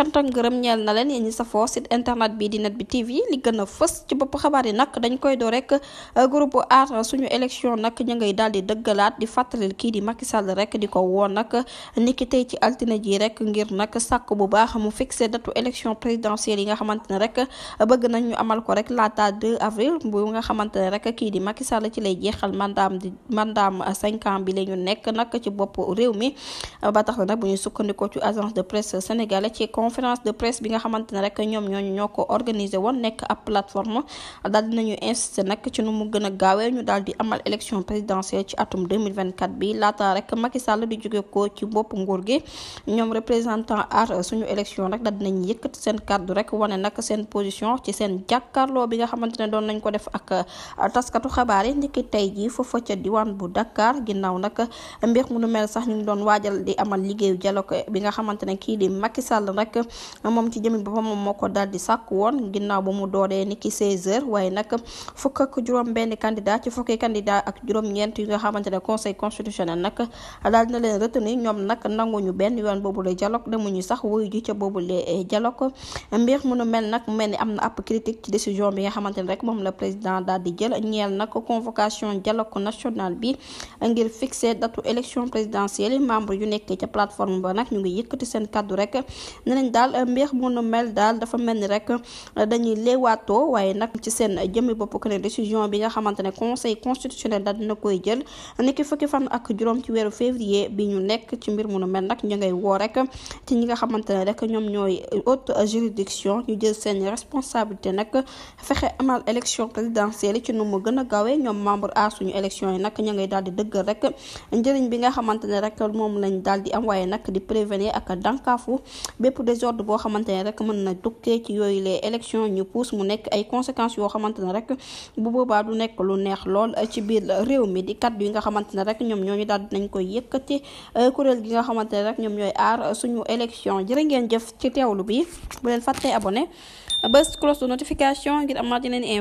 cant ak ngërëm ñeel na leen yéen ñi safoo site internet bi di net bi TV li gën a fës ci bopp xabaar yi nag dañ koy doo rek euh, groupe aar suñu élection nag ñu ngay daal di dëggalaat di fàttalil kii di Macky Sall rek di ko woon nag niki tey ci altine ji rek ngir nag sàkk bu baax mu fixé datu élection présidentielle yi nga xamante ne rek bëgg nañ ñu amal ko rek laata 2 avril bu nga xamante ne rek kii di Macky Sall ci lay jeexal mandaam di mandaam 5 ans bi la ñu nekk nag ci bopp réew mi ba tax na nag bu ñu sukkandikoo ci agence de presse sénégalaise ci conférence de presse bi nga xamante ne rek ñoom ñooñu ñoo ko organisé woon nekk ab plateforme daal dinañu insisté nag ci nu mu gën a gaawee ñu daal di amal élection présidentielle ci atum 2024 bi laata rek Macky Sall di jóge ko ci bopp nguur gi ñoom représentant aar suñu élection rek daal dinañ yëkkati seen kàddu rek wane nag seen position ci seen jàkkaarloo bi nga xamante ne doon nañ ko def ak uh, taskatu xabaar yi ndiki tey jii foofa ca diwaan bu Dakar ginnaaw nag mbir moom ci jëmi boppam moom moo ko daal di sàkk woon ginnaaw ba mu dooree ni ki 16h waaye nag fukk ak juróom-benn candidat ci fukki candidat ak juróom-ñeent yi nga xamante ne conseil constitutionnel nag daal dina leen retenir ñoom nag nanguñu benn yoon boobu la dialogue demuñu sax wuyu ji ca boobu la eh, dialogue mbir mu nu mel nag mel ni am na ab critique ci décision bi nga xamante ne rek moom la président daal di jël ñeel nag convocation dialogue national bi ngir fixer datu élection présidentielle membre yu nekk ca plateforme ba nag ñu ngi yëkkati seen kaddu rek ne ñoom daal mbir mu nu mel daal dafa mel ni rek euh, dañuy leewaatoo waaye nag ci seen jëmmi bopp que ne décision bi nga xamante ne conseil constitutionnel daal dina koy jël niki fukki fan ak juróom ci weeru février bi ñu nekk ci mbir mu mel nag ñu ngay woo rek ci ñi nga xamante ne rek ñoom ñooy haute juridiction ñu jël seen responsabilité nag fexe amal élection présidentielle ci nu mu gën a gaawee ñoom membre a suñu élection yi nag ñu ngay daal di dëggal rek njëriñ bi nga xamante ne rek moom lañ daal di am waaye nag di prévenir ak dànkaafu bépp désordre boo xamante ne rek mën na tukkee ci yooyu les élections ñu pousse mu nekk ay conséquences yoo xamante ne rek bu boobaa du nekk lu neex lool ci biir réew mi di kat yi nga xamante ne rek ñoom ñooñu daal dinañ koy yëkkati euh, kuréel gi nga xamante ne rek ñoom ñooy aar suñu élection jërë ngeen jëf ci teewlu bi bu leen fàttee abonné bés cloche de notification ngir amaat yeneen